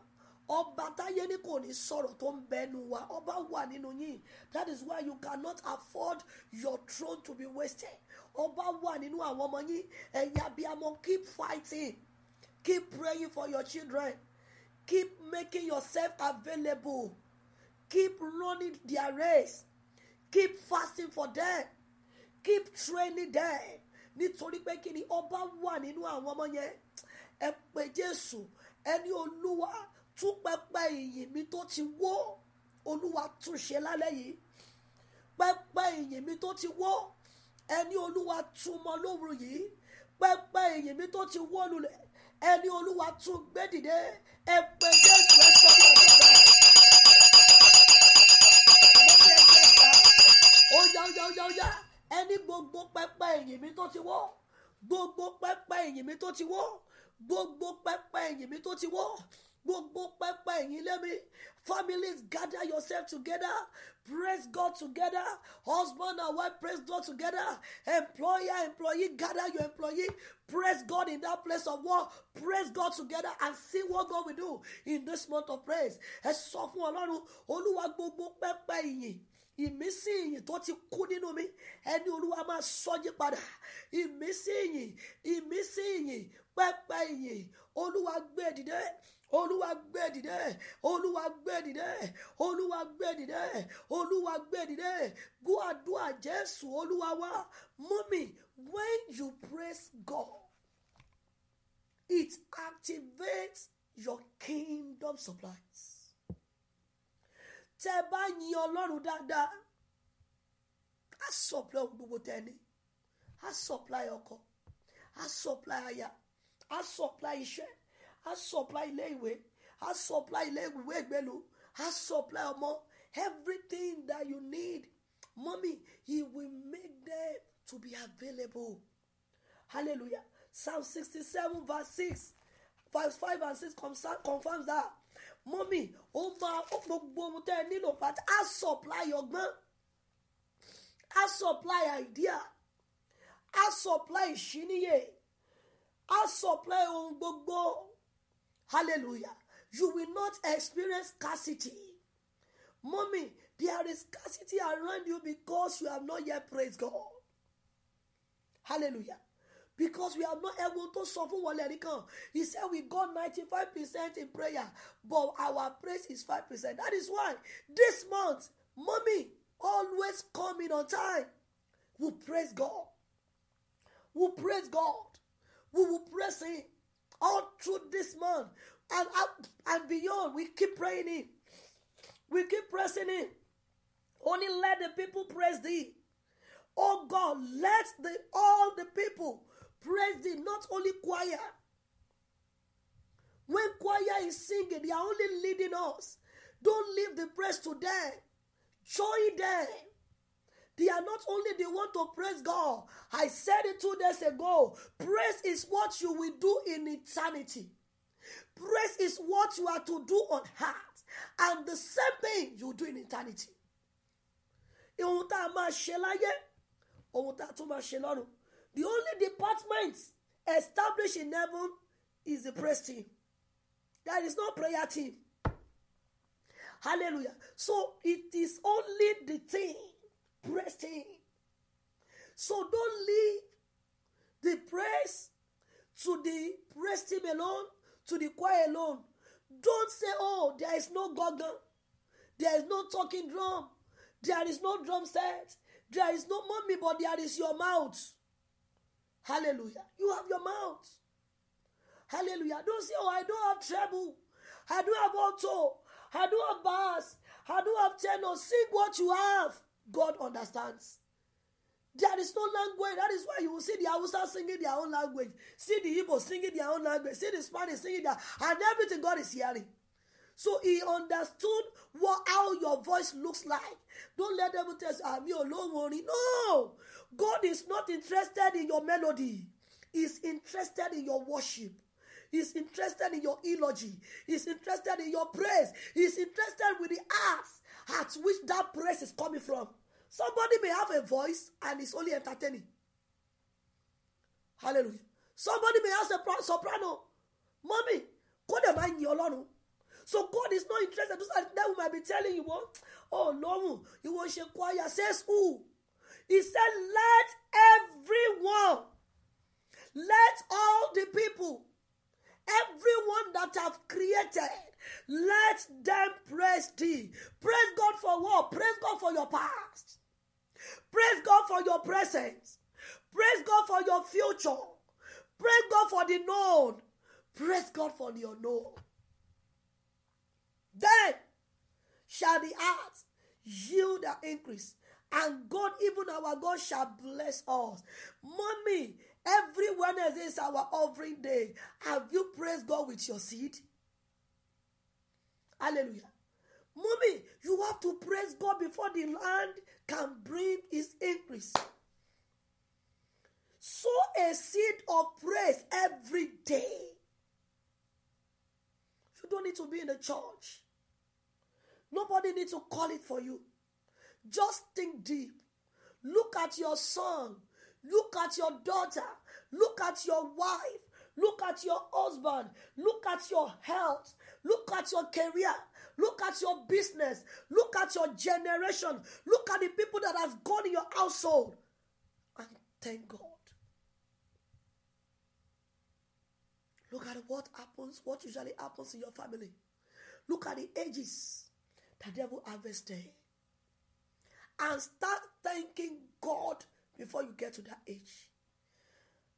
ọba táyé ní kò ní sọ̀rọ̀ tó ń bẹnu wa ọba wà nínú yín that is why you cannot afford your throne to be wasted ọba wà nínú àwọn ọmọ yín ẹ̀yin abiyamọ keep fighting keep praying for your children keep making yourself available keep running their race keep fasting for them keep training there nítorí pé kí ni ọba wà nínú àwọn ọmọ yẹn ẹ pè jésù ẹni olúwa tún pẹpẹ ìyìn mi tó ti wó olúwa tún ṣe lálẹ́ yìí pẹpẹ ìyìn mi tó ti wó ẹni olúwa tún mọ lóru yìí pẹpẹ ìyìn mi tó ti wó lulẹ̀ ẹni olúwa tún gbé dìde ẹ pè jésù ẹ sọ fún ọjọ́ bẹ́ẹ̀. ẹni gbogbo pẹpẹ ìyìn mi tó ti wó gbogbo pẹpẹ ìyìn mi tó ti wó gbogbo pẹpẹ ìyìn mi tó ti wó gbogbo pẹpẹ ìyìn lẹ́mi families gather yourself together praise God together husband and wife praise God together employer employee gather your employee praise God in that place of work praise God together and see what God will do in this month of praise ẹ sọ fún Ọlọ́run Olúwa gbogbo pẹpẹ ìyìn ìmísí ìyìn tó ti kú nínú mi ẹni olúwa máa sọjí padà ìmísí ìyìn ìmísí ìyìn pẹpẹ ìyìn olúwa gbé dìde olúwa gbé dìde olúwa gbé dìde olúwa gbé dìde olúwa gbé dìde gbọ́ àdúrà jésù olúwa wá mọ́mì when you praise God it activates your kingdom supplies tẹ́ ẹ bá yin ọlọ́run dáadáa á supply ohun gbogbo tẹ́ ẹ ní á supply ọkọ á supply aya á supply iṣẹ́ á supply ilé ìwé á supply ilé ìwé ìgbélu á supply ọmọ everything that you need mommy he will make them to be available hallelujah psalm sixty-seven verse six verse five and six confirms that mọ́mì ó máa gbogbo ohun tẹ́ ẹ nílò pátá á supply ọgbọ́n á supply idea á supply ìṣíníyè á supply ohun gbogbo hallelujah you will not experience scarcity mọ́mì there is scarcity around you because you have not yet praised God hallelujah because we are not able to suffer Walerikan. He said we got 95% in prayer, but our praise is 5%. That is why this month, mommy always coming on time. We praise God. We praise God. We will praise Him all through this month and up and beyond. We keep praying Him. We keep praising Him. Only let the people praise Thee. Oh God, let the, all the people praise him, not only choir. When choir is singing, they are only leading us. Don't leave the praise to them. Join them. They are not only the one to praise God. I said it two days ago. Praise is what you will do in eternity. Praise is what you are to do on heart, And the same thing you do in eternity. Ohun tá a máa ṣe láyé, ohun tá a tún máa ṣe lọ́run. The only department established in heaven is the praise team. There is no prayer team. Hallelujah. So it is only the team, praise team. So don't leave the praise to the praise team alone, to the choir alone. Don't say, oh, there is no goggle. There is no talking drum. There is no drum set. There is no mummy, but there is your mouth. Hallelujah. You have your mouth. Hallelujah. Don't say, oh, I don't have treble. I do have alto. I do have bass. I do have tenor. Sing what you have. God understands. There is no language. That is why you will see the Hausa singing their own language. See the Igbo singing their own language. See the Spanish singing their... And everything God is hearing. So he understood what how your voice looks like. Don't let them tell you, I'm your low worry. No. God is not interested in your melody. He's interested in your worship. He's interested in your eulogy. He's interested in your praise. He's interested with the acts at which that praise is coming from. Somebody may have a voice and it's only entertaining. Hallelujah. Somebody may have a soprano. Mommy, kó dẹ̀ máa yin So God is not interested. Those are that we might be telling you "Oh, Oh, Lọ́run, ìwọ ṣe choir says who? He said, Let everyone, let all the people, everyone that have created, let them praise thee. Praise God for what? Praise God for your past. Praise God for your present. Praise God for your future. Praise God for the known. Praise God for the unknown. Then shall the earth yield and increase. And God, even our God, shall bless us. Mommy, every Wednesday is our offering day. Have you praised God with your seed? Hallelujah. Mommy, you have to praise God before the land can bring its increase. Sow a seed of praise every day. You don't need to be in the church. Nobody needs to call it for you. Just think deep. Look at your son. Look at your daughter. Look at your wife. Look at your husband. Look at your health. Look at your career. Look at your business. Look at your generation. Look at the people that have gone in your household. And thank God. Look at what happens, what usually happens in your family. Look at the ages the devil harvested. and start thanking God before you get to that age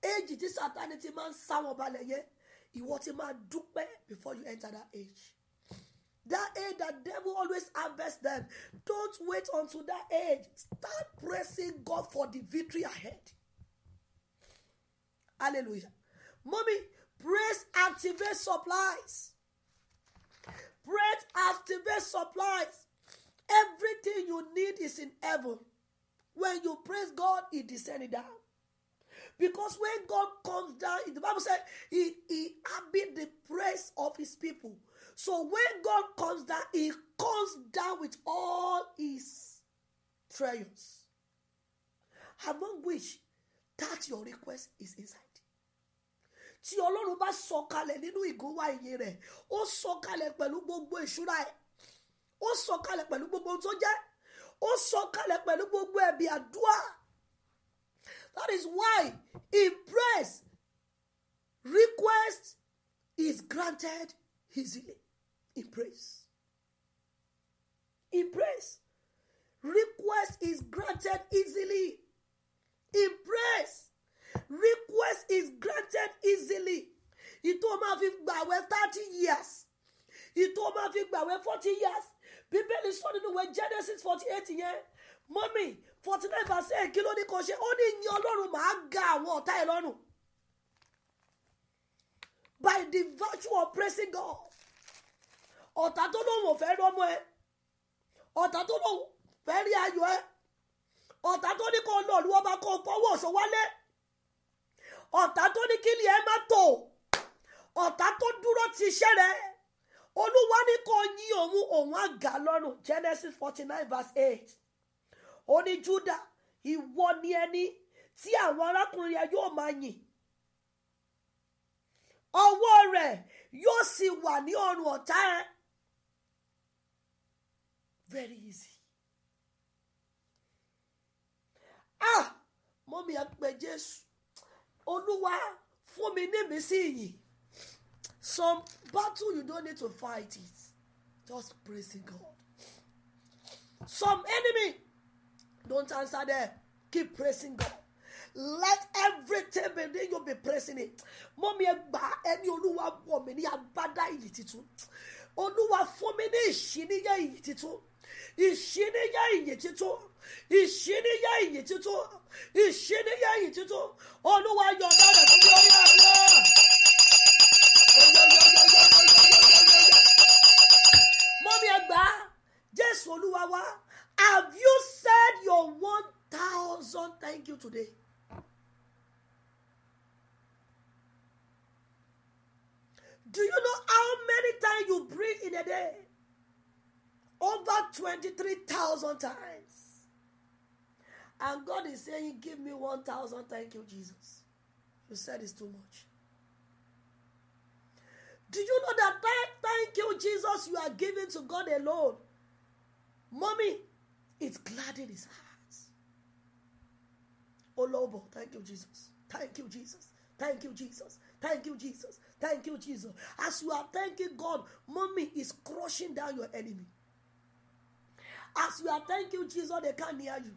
age this eternity man máa ń sáwọn balẹ̀ yẹn ìwọ ti máa dúpẹ́ before you enter that age that age that devil always harvest them don't wait until that age start praising God for the victory ahead hallelujah mommy praise activate supplies praise activate supplies Everything you need is in heaven. When you praise God, He descends down. Because when God comes down, the Bible says He, he habit the praise of His people. So when God comes down, He comes down with all His treasures, among which that your request is inside. Tí Ọlọ́run bá sọ̀kalẹ̀ nínú ìgúnwà ìyè rẹ̀, ó sọ̀kalẹ̀ pẹ̀lú gbogbo ìṣúra ẹ̀ ó sọ̀kalẹ̀ pẹ̀lú gbogbo tó jẹ́ ó sọ̀kalẹ̀ pẹ̀lú gbogbo ẹ̀bì àdúrà that is why in praise request is granted easily in praise in praise request is granted easily in praise request is granted easily ìtò máa fi gbàwẹ̀ thirty years ìtò máa fi gbàwẹ̀ forty years bíbélì sọ nínú ìwé genesis forty eight yẹn mọ́mì forty nine verse eight kí ló ní kò ṣe ó ní ìyìn ọlọ́run màá ga àwọn ọ̀tá ẹ̀ lọ́rùn by the virtue of praising God ọ̀tá tó lóun ò fẹ́ rọ́mọ ẹ ọ̀tá tó lóun fẹ́ rí ayọ̀ ẹ ọ̀tá tó ní kó lọ lùwọ́ bá kó fọwọ́ ọ̀ṣọ́ wálé ọ̀tá tó ní kí ni ẹ má tò ọ̀tá tó dúró ti iṣẹ́ rẹ̀ olúwa ní kò yí òun òun àgà lọ́rùn genesis forty nine verse eight ó ní juda ìwọ ni ẹni tí àwọn arákùnrin rẹ yóò máa yìn ọwọ́ rẹ̀ yóò sì wà ní ọrùn ọ̀tá ẹ very easy ah mọ́mí ẹ pé jésù olúwa fún mi ní ìmísí ìyìn Some battle you don't need to fight it. Just praising God. Some enemy, don't answer there, Keep praising God. Let everything be. within you be praising it. Mọ́mí ẹ gbà ẹni olúwa wọ̀ mí ní agbádá titun. Olúwa fún mi ní ìṣíníyẹ ìyè titun. Ìṣíníyẹ ìyè titun. Ìṣíníyẹ ìyè titun. Ìṣíníyẹ ìyè titun. Olúwa yọ̀ọ̀dá rẹ̀ sí lórí àdúrà mọ́mí ẹgbà jésù olúwa have you said your one thousand thank you today. Do you know how many times you breathe in a day? Over 23,000 times. And God is saying, Give me 1,000. Thank you, Jesus. You said it's too much. Do you know that thank, thank you, Jesus, you are giving to God alone? Mommy, it's gladdened his heart. Oh, Lobo, thank you, Jesus. Thank you, Jesus. Thank you, Jesus. Thank you, Jesus. Thank you, Jesus. As you are thanking God, mommy is crushing down your enemy. As you are thanking you, Jesus, they can't hear you.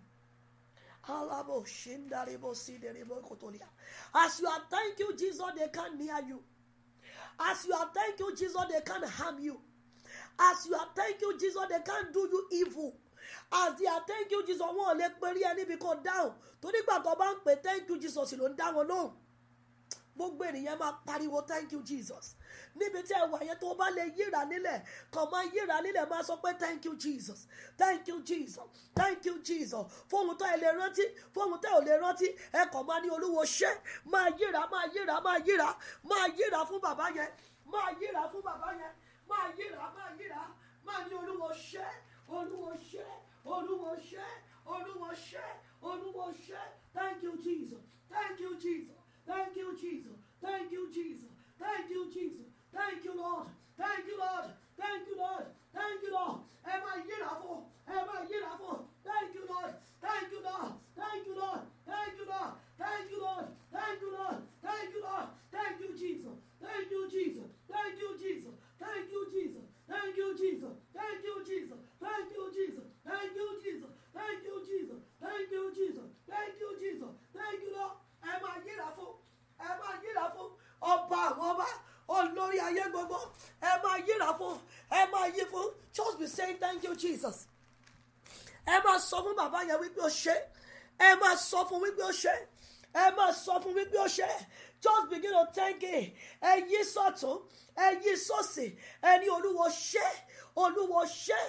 As you are thanking you, Jesus, they can't hear you. As you are thank you, Jesus, they can't harm you. As you are thank you, Jesus, they can't do you evil. As they are thank you, Jesus, won't let lè pe be ẹni down. To dáhùn. Torí ìgbà tó thank you, Jesus, ló ń dá wọn lóhùn. Gbogbo ènìyàn máa pariwo thank you, Jesus níbi tí ẹ wà yẹn tó bá lè yíra nílẹ̀ kàn máa yíra nílẹ̀ máa sọ pé thank you jesus thank you jesus thank you jesus fóun tó ẹ lè rántí fóun tó ẹ ò lè rántí ẹ kàn máa ní olúwo ṣe máa yíra máa yíra máa yíra máa yíra fún bàbá yẹn máa yíra fún bàbá yẹn máa yíra máa yíra máa ní olúwo ṣe olúwo ṣe olúwo ṣe olúwo ṣe olúwo ṣe thank you jesus thank you jesus thank you jesus thank you jesus thank you jesus Thank you, Lord. Thank you, Lord. Thank you, Lord. Thank you, Lord. Am I yet Am I yet Thank you, Lord. Thank you, Lord. Thank you, Lord. Thank you, Lord. Thank you, Lord. Thank you, Lord. Thank you, Lord. Thank you, Jesus. Thank you, ó ṣe ẹ máa sọ fún wípé ó ṣe just begin to thank him ẹ yí sọ́tún ẹ yí sọ́sì ẹ ní olúwo ṣe olúwo ṣe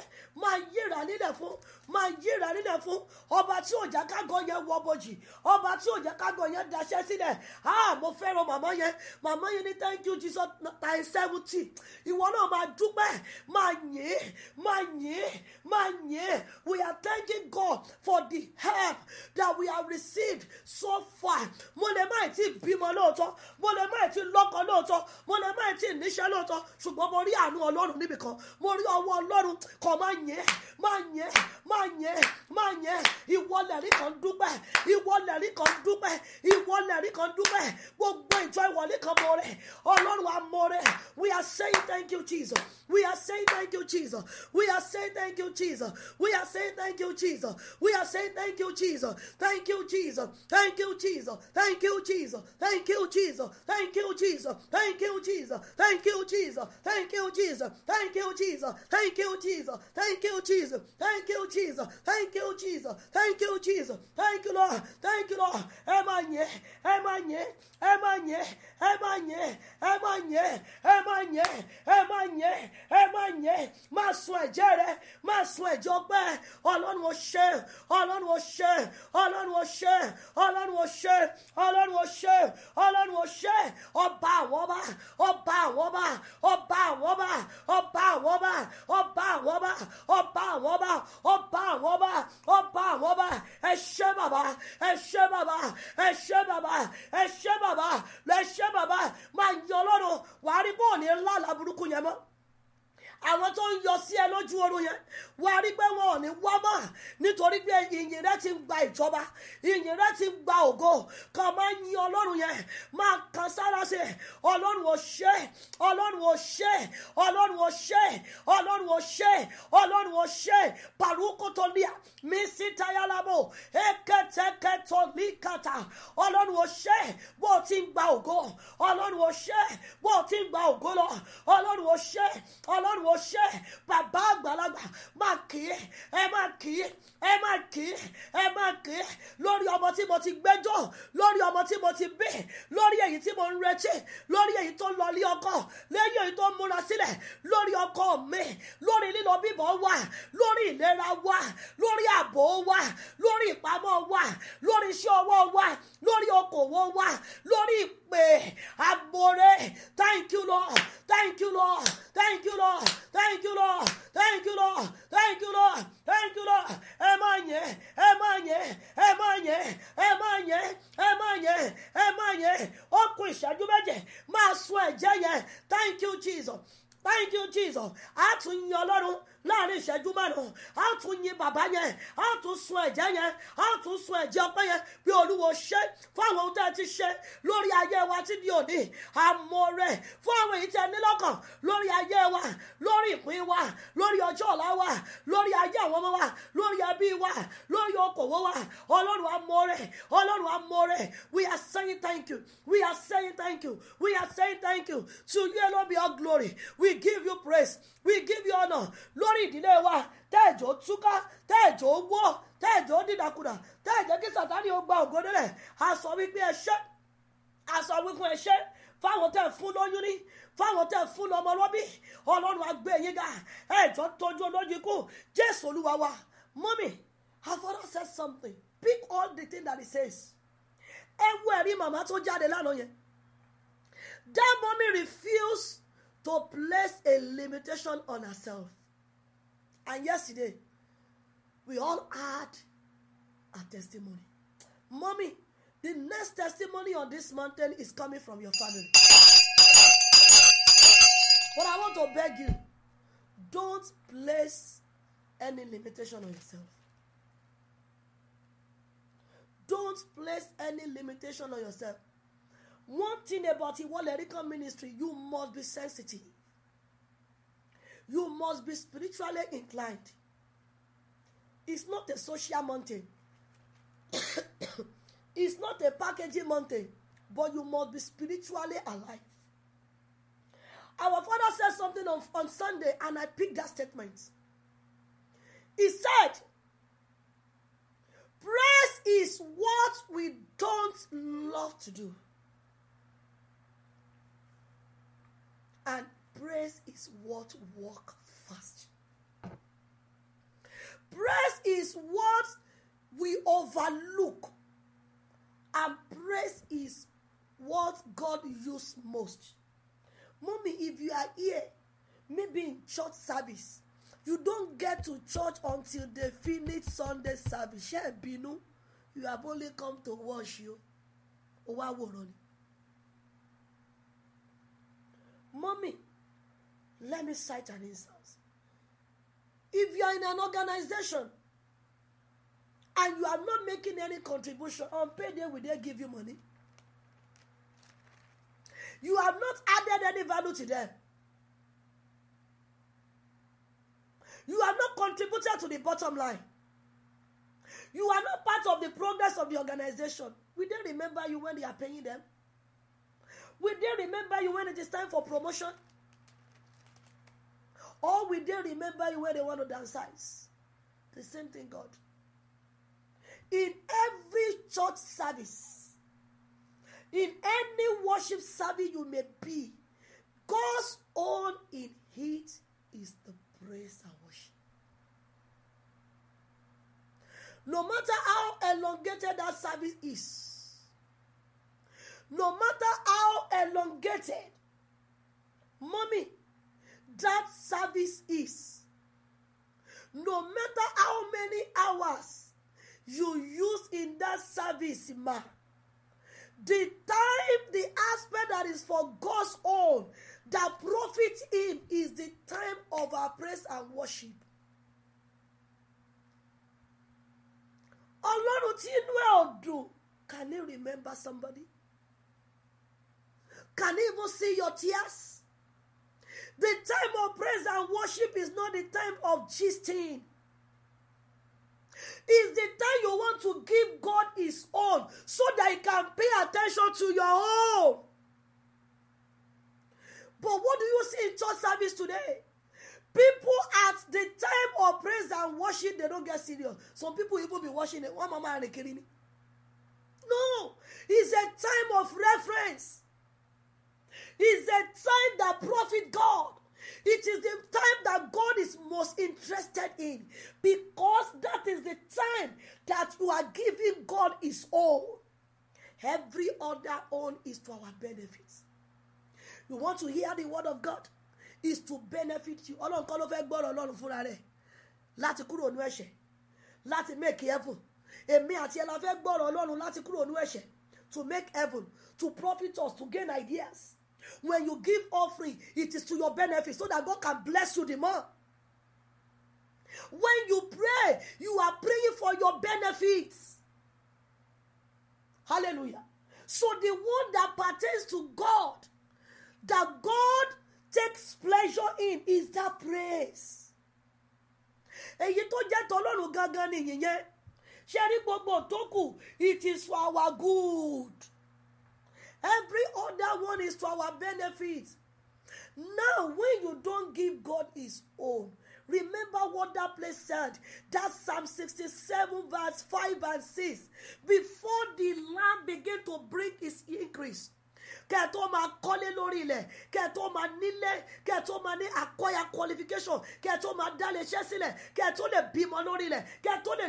máa yíra nílẹ̀ fún máa yíra nílẹ̀ fún ọba tí òjà kágọ̀ yẹn wọ bojì ọba tí òjà kágọ̀ yẹn daṣẹ́ sílẹ̀ ah mo fẹ́ràn màmá yẹn màmá yẹn ní thank you Jesus time seventy ìwọ náà máa dúpẹ́ máa yìn máa yìn máa yìn we are thanking God for the help that we have received so far mo lè má ti bímọ lóòótọ́ mo lè má ti lọ́kọ lóòótọ́ mo lè má ti níṣẹ́ lóòótọ́ ṣùgbọ́n mo rí àánú ọlọ́run níbìkan mo rí ọwọ́ ọlọ́run kọ́ máa yìn máa yìn máa. má yẹn má yẹn ìwọ lẹ̀rí kan dúpẹ́ ìwọ lẹ̀rí kan dúpẹ́ ìwọ lẹ̀rí kan dúpẹ́ gbogbo ìjọ ìwọlé kan mọ rẹ̀ ọlọ́run àmọ rẹ̀ we are saying thank you jesus we are saying thank you jesus we are saying thank you jesus we are saying thank you jesus we are saying thank you jesus thank you jesus thank you jesus thank you jesus thank you jesus thank you jesus thank you jesus thank you jesus thank you jesus thank you jesus thank you jesus thank you jesus thank you jesus Jesus. Thank you, Jesus. Thank you, Jesus. Thank you, Lord. Thank you, Lord. Ẹ máa yẹ, ẹ máa yẹ, ẹ máa yẹ, ẹ máa yẹ, ẹ máa yẹ, ẹ máa yẹ, ẹ máa yẹ, ẹ máa yẹ. Máa sun ẹ̀jẹ̀ rẹ̀, máa sun ẹ̀jẹ̀ ọgbẹ́. Ọlọ́run ó ṣe, Ọlọ́run ó ṣe, Ọlọ́run ó ṣe, Ọlọ́run ó ṣe, Ọlọ́run bá àwọn ọba ó bá àwọn ọba ẹ ṣé bàbá ẹ ṣé bàbá ẹ ṣé bàbá ẹ ṣé bàbá ẹ ṣé bàbá máa yan ọlọ́run wàá rí bóòní ńlá làbúrúkú yẹn mọ́ àwọn tó ń yọ sí ẹ lójú oorun yẹn wà á rí pé wọn ò ní wá mọ́ nítorí pé ìyìn rẹ ti ń gba ìjọba ìyìn rẹ ti ń gba ògo kàn máa ń yin ọlọ́run yẹn máa kan sára sí ọlọ́run ò ṣe ọlọ́run ò ṣe ọlọ́run ò ṣe ọlọ́run ò ṣe ọlọ́run ò ṣe pàrúkótólíà mi sí tayálábò èkétékétólíkàtà ọlọ́run ò ṣe bó o ti ń gba ògo ọlọ́run ò ṣe bó o ti ń gba ògo lọ ọlọ́run ò ṣe ọlọ́run àròṣe bàbá àgbàlagbà máa kì í ẹ máa kì í ẹ máa kì í ẹ máa kì í lórí ọmọ tí mo ti gbẹ́jọ́ lórí ọmọ tí mo ti bí lórí èyí tí mo ń retí lórí èyí tó lọ lé ọkọ lẹ́yìn èyí tó ń múra sílẹ̀ lórí ọkọ mi lórí lílọ bíbọ̀ wa lórí ìlera wa lórí ààbò wa lórí ìpamọ́ wa lórí iṣẹ́ ọwọ́ wa lórí okòwò wa lórí ìpè àgbòrè thank you lord thank you lord thank you lord. Thank you, Lord. Thank you, Lord. Thank you, Lord. Thank you, Lord. Ẹ máa yẹ, ẹ máa yẹ, ẹ máa yẹ, ẹ máa yẹ, Thank you, Jesus. Thank you, Jesus. A tún yan láàrin ìṣẹ́jú márùn-ún á tún yin bàbá yẹn á tún sun ẹ̀jẹ̀ yẹn á tún sun ẹ̀jẹ̀ ọpẹ́ yẹn bí olúwo ṣe fún àwọn ohun tẹ́ ẹ ti ṣe lórí ayé wa tí di òní àmọ́ rẹ̀ fún àwọn èyí tẹ́ ẹ ní lọ́kàn lórí ayé wa lórí ìpín wa lórí ọjọ́ ọ̀la wa lórí ayé àwọn ọmọ wa lórí ẹbí wa lórí okòwò wa ọlọ́run àmọ́ rẹ̀ ọlọ́run àmọ́ rẹ̀ we are saying thank you we are saying thank you we are saying thank you to you alone be all glory we give you praise we give you honor, lórí lórí ìdílé wa tẹ́ ẹ̀jọ́ túká tẹ́ ẹ̀jọ́ wọ́ tẹ́ ẹ̀jọ́ dídàkudà tẹ́ ẹ̀jẹ́ kí sàtánì ó gba ògodo rẹ̀ a sọ wípé ẹ ṣé a sọ wípé ẹ ṣé fáwọn tẹ́ fún lóyún ní fáwọn tẹ́ fún lọ́mọ lọ́bí ọlọ́run agbé yín ga ẹ̀jọ́ tọ́jú olójú ikú jésù olúwa wa mọ́mì her father said something pick all the thing that he says ẹ wú ẹ̀rí màmá tó jáde lánàá yẹn that mommy refused to place a limitation on herself And yesterday, we all had a testimony. Mommy, the next testimony on this mountain is coming from your family. But I want to beg you don't place any limitation on yourself. Don't place any limitation on yourself. One thing about Iwalerikan ministry, you must be sensitive. You must be spiritually inclined. It's not a social mountain. *coughs* it's not a packaging mountain, but you must be spiritually alive. Our father said something on, on Sunday, and I picked that statement. He said, Praise is what we don't love to do. And Praise is what work fast. Praise is what we overlook. And praise is what God uses most. Mommy, if you are here, maybe in church service, you don't get to church until they finish Sunday service. Ṣé binu, You have only come to wash you. Ó wá wòran Mommy, Let me cite an instance. If you are in an organization and you are not making any contribution on payday, will they give you money? You have not added any value to them. You have not contributed to the bottom line. You are not part of the progress of the organization. Will they remember you when they are paying them? Will they remember you when it is time for promotion? Or will they remember you when they want to downsize? The same thing, God. In every church service, in any worship service you may be, God's own in heat is the praise and worship. No matter how elongated that service is, no matter how elongated, mommy, that service is. No matter how many hours you use in that service, ma, the time, the aspect that is for God's own, that profit Him, is the time of our praise and worship. Ọlọ́run tí inú ẹ̀ ò dùn can he remember somebody? Can he even see your tears? The time of praise and worship is not the time of gisting. It's the time you want to give God His own so that He can pay attention to your own. But what do you see in church service today? People at the time of praise and worship, they don't get serious. Some people even be watching it. One mama and a kidding. No, it's a time of reference is the time that profit God. It is the time that God is most interested in because that is the time that you are giving God His own. Every other own is to our benefit. You want to hear the word of God? Is to benefit you. Ọlọ́run kọ́ ló fẹ́ gbọ́rọ̀ Ọlọ́run fúnra rẹ̀ láti kúrò ní ẹ̀ṣẹ̀ láti make heaven. Èmi àti ẹ la fẹ́ gbọ́rọ̀ Ọlọ́run láti kúrò ní ẹ̀ṣẹ̀ to make heaven to profit us to gain ideas. When you give offering, it is to your benefit so that God can bless you the more. When you pray, you are praying for your benefits. Hallelujah. So the one that pertains to God, that God takes pleasure in, is that praise. èyí tó jẹ́ tọ́lọ́run gangan nìyẹn ṣe rí gbogbo tó kù it is for our good. Every other one is to our benefit. Now, when you don't give God his own, remember what that place said. That's Psalm 67, verse 5 and 6. Before the land began to bring its increase, kẹ́ máa kọ́lé lórí ilẹ̀ kẹ́ máa nílé kẹ́ máa ní acquire qualification kẹ́ máa dá lè ṣẹ́ sílẹ̀ kẹ́ lè bímọ lórí ilẹ̀ kẹ́ lè.